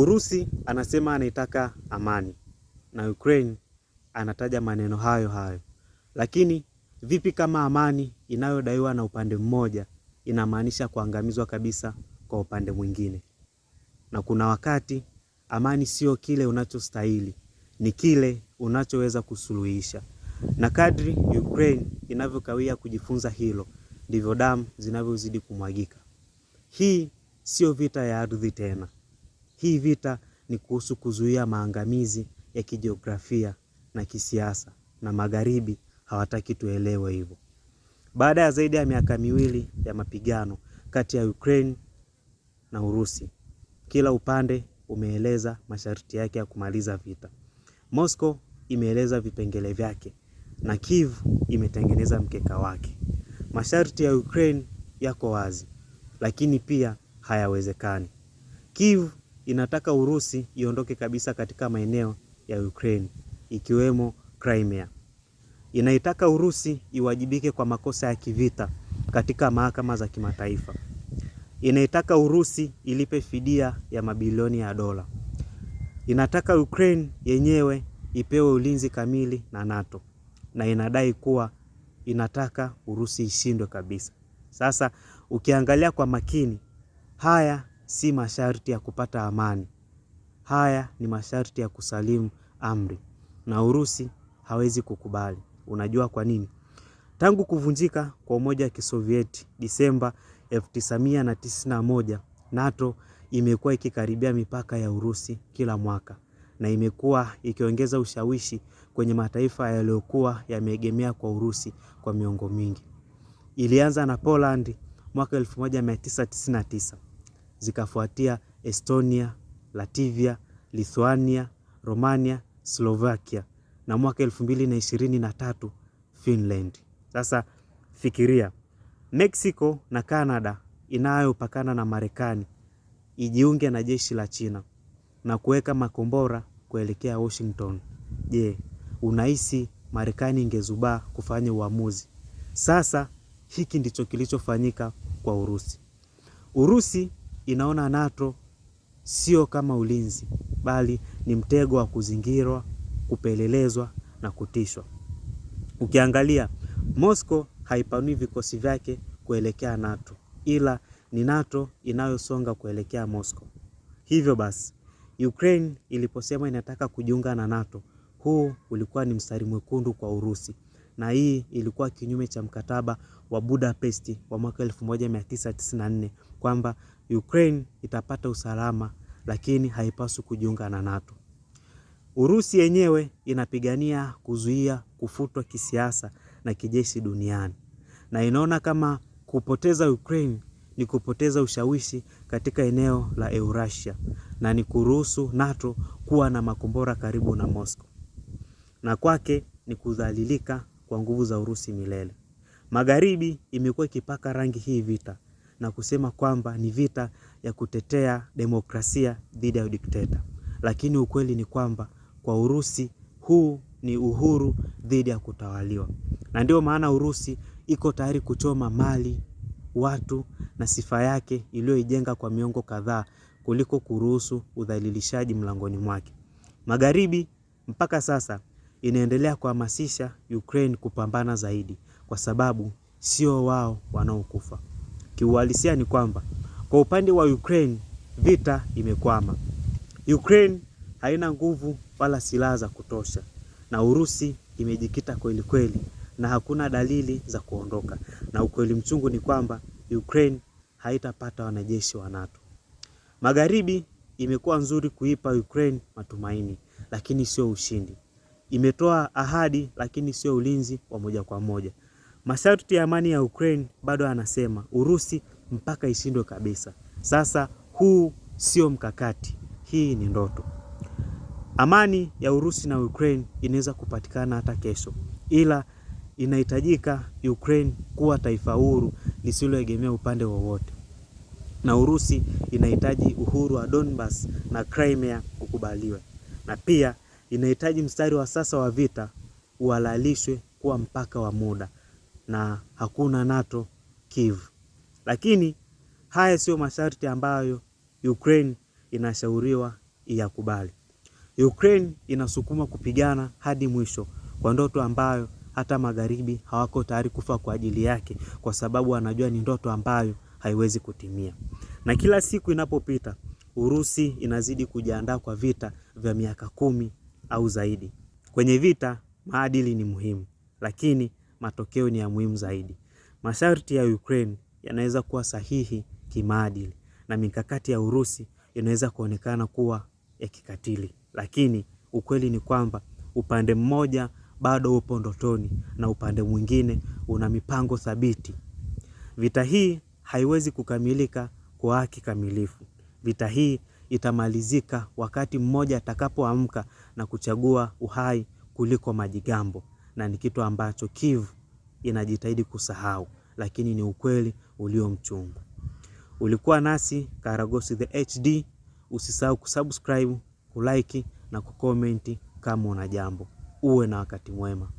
Urusi anasema anaitaka amani na Ukraine anataja maneno hayo hayo, lakini vipi kama amani inayodaiwa na upande mmoja inamaanisha kuangamizwa kabisa kwa upande mwingine? Na kuna wakati amani sio kile unachostahili, ni kile unachoweza kusuluhisha. Na kadri Ukraine inavyokawia kujifunza hilo, ndivyo damu zinavyozidi kumwagika. Hii sio vita ya ardhi tena. Hii vita ni kuhusu kuzuia maangamizi ya kijiografia na kisiasa, na magharibi hawataki tuelewe hivyo. Baada ya zaidi ya miaka miwili ya mapigano kati ya Ukraine na Urusi, kila upande umeeleza masharti yake ya kumaliza vita. Moscow imeeleza vipengele vyake na Kiev imetengeneza mkeka wake. Masharti ya Ukraine yako wazi, lakini pia hayawezekani. Kiev inataka Urusi iondoke kabisa katika maeneo ya Ukraine ikiwemo Crimea. Inaitaka Urusi iwajibike kwa makosa ya kivita katika mahakama za kimataifa. Inaitaka Urusi ilipe fidia ya mabilioni ya dola. Inataka Ukraine yenyewe ipewe ulinzi kamili na NATO na inadai kuwa inataka Urusi ishindwe kabisa. Sasa ukiangalia kwa makini, haya si masharti ya kupata amani. Haya ni masharti ya kusalimu amri, na Urusi hawezi kukubali. Unajua kwa nini? Tangu kuvunjika kwa umoja wa Kisovieti Disemba 1991, NATO imekuwa ikikaribia mipaka ya Urusi kila mwaka na imekuwa ikiongeza ushawishi kwenye mataifa yaliyokuwa yameegemea kwa Urusi kwa miongo mingi. Ilianza na Poland mwaka 1999 zikafuatia Estonia, Latvia, Lithuania, Romania, Slovakia na mwaka elfu mbili na ishirini na tatu Finland. Sasa fikiria Mexico na Canada inayopakana na Marekani ijiunge na jeshi la China na kuweka makombora kuelekea Washington. Je, unahisi Marekani ingezubaa kufanya uamuzi? Sasa hiki ndicho kilichofanyika kwa Urusi. Urusi inaona NATO sio kama ulinzi, bali ni mtego wa kuzingirwa, kupelelezwa na kutishwa. Ukiangalia, Moscow haipanui vikosi vyake kuelekea NATO, ila ni NATO inayosonga kuelekea Moscow. Hivyo basi, Ukraine iliposema inataka kujiunga na NATO, huu ulikuwa ni mstari mwekundu kwa Urusi, na hii ilikuwa kinyume cha mkataba wa Budapest wa mwaka 1994 kwamba Ukraine itapata usalama, lakini haipaswi kujiunga na NATO. Urusi yenyewe inapigania kuzuia kufutwa kisiasa na kijeshi duniani na inaona kama kupoteza Ukraine ni kupoteza ushawishi katika eneo la Eurasia na ni kuruhusu NATO kuwa na makombora karibu na Moscow, na kwake ni kudhalilika kwa nguvu za Urusi milele. Magharibi imekuwa ikipaka rangi hii vita na kusema kwamba ni vita ya kutetea demokrasia dhidi ya udikteta, lakini ukweli ni kwamba kwa Urusi huu ni uhuru dhidi ya kutawaliwa, na ndio maana Urusi iko tayari kuchoma mali, watu na sifa yake iliyoijenga kwa miongo kadhaa kuliko kuruhusu udhalilishaji mlangoni mwake. Magharibi mpaka sasa inaendelea kuhamasisha Ukraine kupambana zaidi kwa sababu sio wao wanaokufa kiuhalisia ni kwamba kwa upande wa Ukraine vita imekwama. Ukraine haina nguvu wala silaha za kutosha, na Urusi imejikita kweli kweli, na hakuna dalili za kuondoka. Na ukweli mchungu ni kwamba Ukraine haitapata wanajeshi wa NATO. Magharibi imekuwa nzuri kuipa Ukraine matumaini, lakini sio ushindi. Imetoa ahadi, lakini sio ulinzi wa moja kwa moja. Masharti ya amani ya Ukraine bado anasema Urusi mpaka ishindwe kabisa. Sasa huu sio mkakati, hii ni ndoto. Amani ya Urusi na Ukraine inaweza kupatikana hata kesho, ila inahitajika Ukraine kuwa taifa huru lisiloegemea upande wowote, na Urusi inahitaji uhuru wa Donbas na Crimea ukubaliwe na pia inahitaji mstari wa sasa wa vita uhalalishwe kuwa mpaka wa muda na hakuna NATO Kiev. Lakini haya sio masharti ambayo Ukraine inashauriwa iyakubali. Ukraine inasukuma kupigana hadi mwisho kwa ndoto ambayo hata magharibi hawako tayari kufa kwa ajili yake, kwa sababu wanajua ni ndoto ambayo haiwezi kutimia. Na kila siku inapopita, Urusi inazidi kujiandaa kwa vita vya miaka kumi au zaidi. Kwenye vita maadili ni muhimu, lakini matokeo ni ya muhimu zaidi. Masharti ya Ukraine yanaweza kuwa sahihi kimaadili na mikakati ya Urusi inaweza kuonekana kuwa ya kikatili, lakini ukweli ni kwamba upande mmoja bado upo ndotoni na upande mwingine una mipango thabiti. Vita hii haiwezi kukamilika kwa kikamilifu. Vita hii itamalizika wakati mmoja atakapoamka na kuchagua uhai kuliko majigambo na ni kitu ambacho Kivu inajitahidi kusahau, lakini ni ukweli ulio mchungu. Ulikuwa nasi Karagosi the HD. Usisahau kusubscribe, kulike na kukomenti kama una jambo. Uwe na wakati mwema.